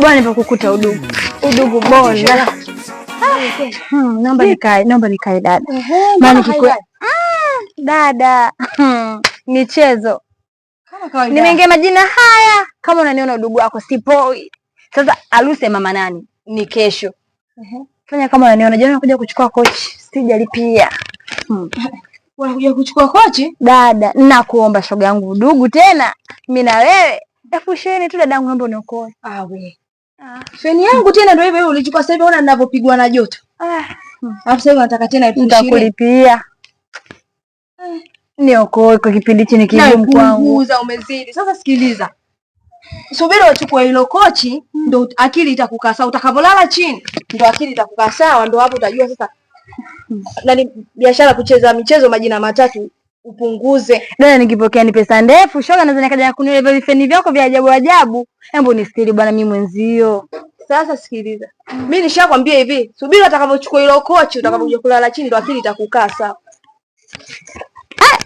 bwana, nimekukuta udugu udugu bona. Hmm, naomba nikae, naomba nikae dada, maana dada ah, hmm, michezo nimeingia majina haya. Kama unaniona udugu wako sipoi. Sasa aruse mama nani ni kesho. Fanya kama unaniona jana, nakuja kuchukua kochi, sijalipia hmm. unakuja kuchukua kochi dada, nakuomba shoga yangu, udugu tena mimi na wewe elfu ishirini tu dadangu, naomba uniokoe. Ah, we Feni yangu tena ndio hivyo ulichukua sasa hivi unaona ninavyopigwa na joto. Ah. Alafu sasa unataka tena elfu Nitakulipia. Eh. Niokoe kwa kipindi chini ni kigumu kwangu. Uza umezidi. Sasa sikiliza. Subiri wachukue hilo kochi ndo akili itakukaa sawa. utakavolala chini ndo akili itakukaa sawa, ndo hapo utajua sasa. Hmm. Nani biashara kucheza michezo majina matatu upunguze. Dada nikipokea ni pesa ndefu, shoga naweza nikaja kunilevel vifeni vyako vya ajabu ajabu. Hebu nisikilize bwana, mimi mwenzio. Sasa sikiliza, mimi nishakwambia hivi, subiri atakavyochukua hilo kochi, utakavyokuja kulala chini, ndo akili itakukaa sawa. Eh,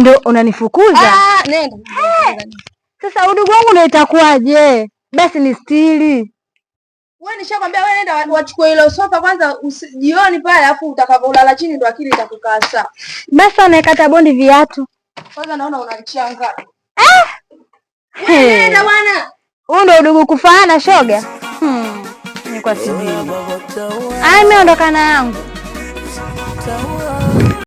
ndo unanifukuza ah, eh, sasa? Udugu wangu ndo itakuwaje? Basi ni stili wewe nishakwambia, wewe nenda wachukue hilo sofa kwanza jioni pale, afu utakapolala chini ndo akili itakukaa sawa. Basi anaekata bondi viatu kwanza, naona unachanga. Eh, wewe nenda bwana, huo ndo udugu kufaana shoga. Hmm, kwa sijui. Ai, mimi ondokana yangu.